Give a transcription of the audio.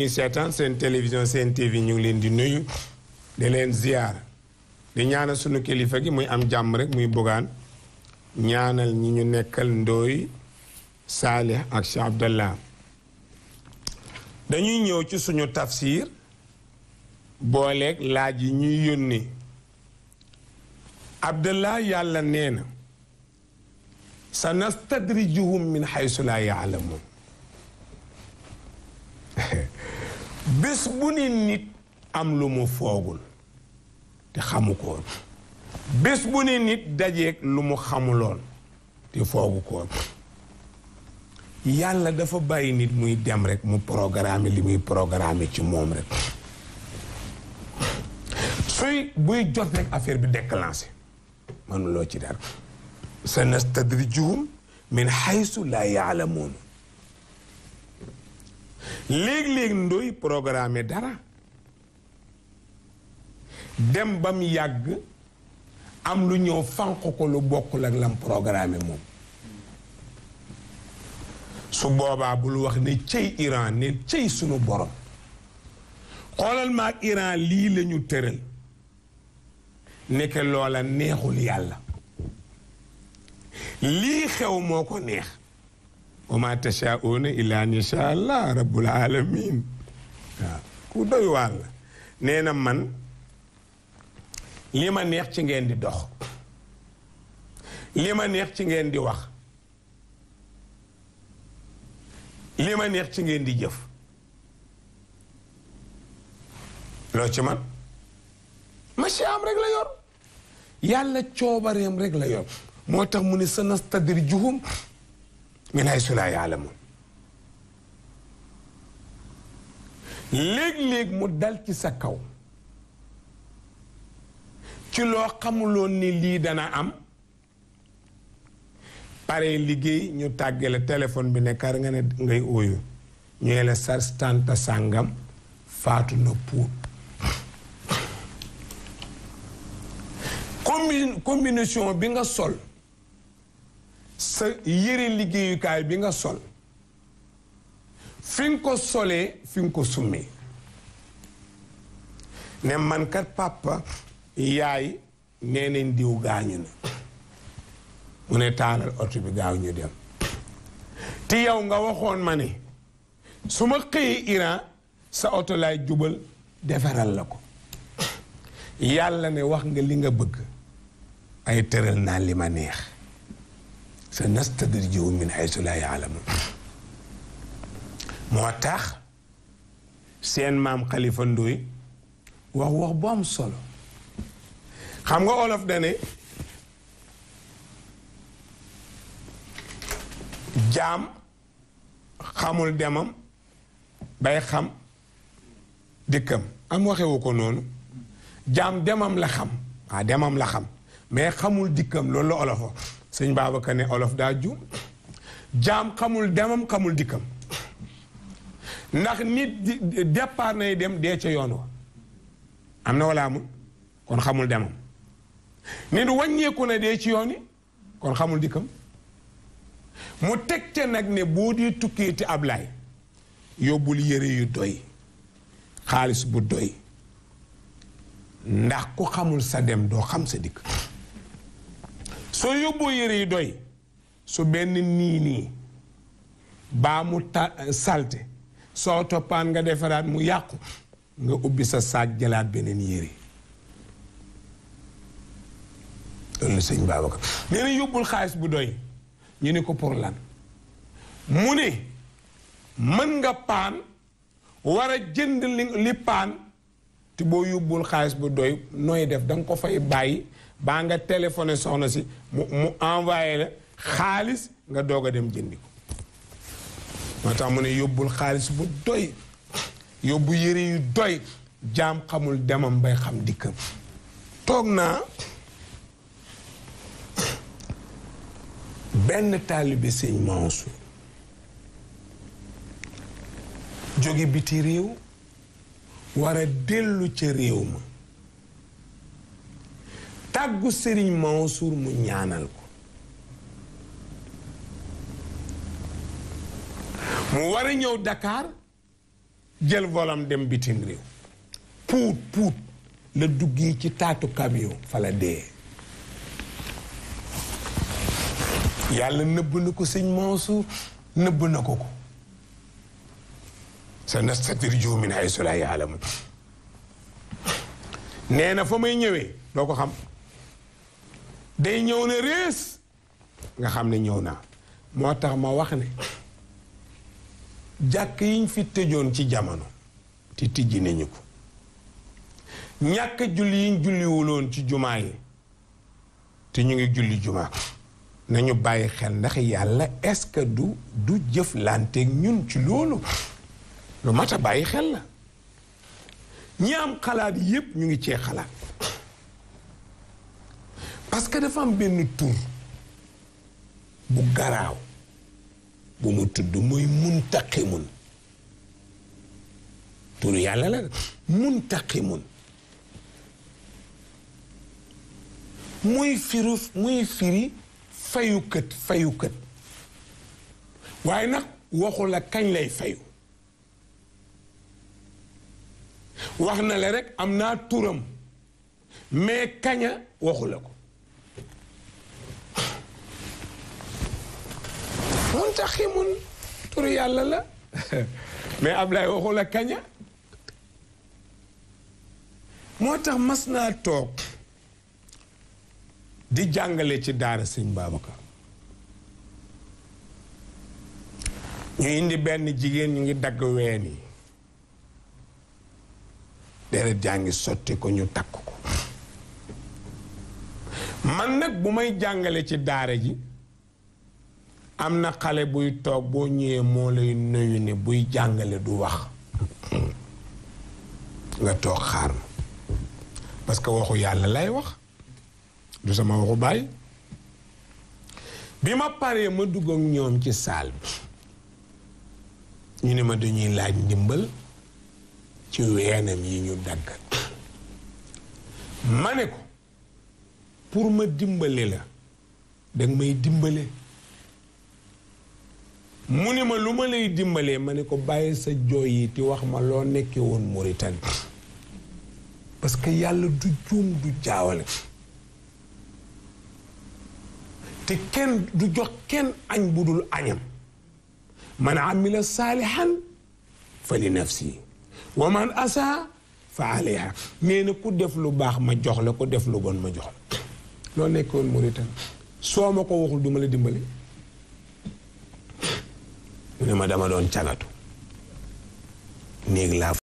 ñi seetaan seen télévision seen TV ñu ngi leen di nuyu di leen ziar di ñaanal suñu kilifa gi muy am jàmm rek muy bugaan ñaanal ñi ñu nekkal ndooy Saalih ak Cheikh Abdallah dañuy ñëw ci suñu tafsir booleeg laaj yi ñuy yónni Abdallah yàlla nee na sa nastadrijuhum min xaysu laa yaalamuun bés bu ni nit am lu mu foogul te xamu koon bés bu ni nit dajeeg lu mu xamuloon te foogu koon yàlla dafa bàyyi nit muy dem rek mu programme li muy programme ci moom rek suy buy jot rek affaire bi déclenché mënuloo ci dara sa nastadrijuhum min haysu yàlla yaalamuun léeg-léeg ndoy programme dara dem ba mu yàgg am lu ñëw fànq ko lu bokkul ak lam programme moom su boobaa bul wax ne cëy Iran ne cëy sunu borom xoolal ma ak Iran lii lañu tëral nekke loola neexul yàlla lii xew moo ko neex wa ma tashaa'uuna illaa an yashaa allah rabbul alamin ku doy wàll nee na man li neex ci ngeen di dox li neex ci ngeen di wax lima neex ci ngeen di jëf loo ci man macha am rek la yor yàlla coobareem rek la yor moo tax mu ne sa nastadrijuhum min haysu laa yaalamun léeg-léeg mu dal ci sa kaw ci loo xamuloon ni lii dana am pare liggéey ñu tàggale téléphone bi ne kar nga ne ngay óoyu ñooy la sars tànta sàngam faatu na puut combinaison bi nga sol sa yére liggéeyukaay bi nga sol fi nga ko solee fi nga ko summee ne man kat papa yaay nee nañ diw gaañu na mu ne taalal oto bi gaaw ñu dem te yow nga waxoon ma ne su ma xëyee Iran sa oto laay jubal defaral la ko yàlla ne wax nga li nga bëgg ay tëral naa li ma neex sa nastadrijuhum min haysu laa yaalamun moo tax seen maam Xalifa Ndoy wax am solo xam nga olof dane jaam xamul demam bay xam dikkam am waxewu ko noonu jaam demam la xam waa ah, demam la xam mais xamul dikkam loolu la olof sëñ Babacar ne olof daa juum jaam xamul demam xamul dikkam ndax nit départ nay dem dee ca yoon wa am na wala amul kon xamul demam nit wàññeeku na dee ci yoon yi kon xamul dikkam mu teg ca nag ne boo dee tukkeeti Ablaay yóbbul yére yu doy xaalis bu doy ndax ku xamul sa dem doo xam sa dikk soo yóbboo yére yi doy su benn nii nii baa mu ta salte soo toppaan nga defaraat mu yàqu nga ubbi sa saag jëlaat beneen yére loolu la sëñ Babacar nee na yóbbul xaalis bu doy ñu ne ko pour lan mu ne mën nga paan wara jënd li li paan ti boo yóbbul xaalis bu doy nooy def danga ko fay bàyyi baa nga téléphoné soxna si mu mu envoyé la xaalis nga doog a dem jëndi ko moo tax mu ne yóbbul xaalis bu doy yóbbu yére yu doy jaam xamul demam bay xam dikkam toog naa benn taalibe sëñ Mansour jóge biti réew war a dellu ca réew ma tàggu sëriñ Mansour mu ñaanal ko mu war a ñëw Dakar jël volam dem bitim réew puut puut la duggee ci taatu camion fa la dee yàlla nëbb na ko sëñ Mansour nëbb na ko ko sanastadrijuhum min haysu laa ya'lamuun nee na fa may ñëwee doo ko xam day ñëw na rées nga xam ne ñëw naa moo tax ma wax ne jàkk yiñ fi tëjoon ci jamono te tijji nañu ko ñàkk julli yiñ julliwuloon ci jumaa yi te ñu ngi julli jumaa nañu bàyyi xel ndax yàlla est-ce que du du jëflanteeg ñun ci loolu lu mat a bàyyi xel la ñi am xalaat yépp ñu ngi cee xalaat parce que dafa am benn tur bu garaaw bu mu tudd mooy muntaqimun turu yàlla la muntaqimun muy firu muy firi fayukat fayukat waaye nag waxu kañ lay fayu wax na la rekk am naa turam mais kaña waxu la ko mun tax xi mun yàlla la mais Ablaye waxu la kaña moo tax mas naa toog di jàngale ci daara sëñ Babacar ñu indi benn jigéen ñu ngi dagg ween deret jaa ngi sotti ko ñu takk ko man nag bu may jàngale ci daara ji am na xale buy toog boo ñëwee moo lay nuyu ne buy jàngale du wax nga toog xaar ma parce que waxu yàlla lay wax du sama waxu bàyyi bi ma paree ma dugg ñoom ci saal bi ñu ne ma dañuy laaj ndimbal ci weenam yi ñu dagg ma ne ko pour ma dimbale la danga may dimbale mu ni ma lu ma lay dimbalee ma ne ko bàyyi sa jooy yi ti wax ma loo nekkee woon Mauritanie parce que yàlla du juum du jaawale te kenn du jox kenn añ bu dul añam man amila saalihan fa li nafsi wa man asa fa aleyha nee ku def lu baax ma jox la ku def lu bon ma jox la loo nekkoon Mauritanie soo ma ko waxul duma la dimbali mu ne ma dama doon cagatu néeg laa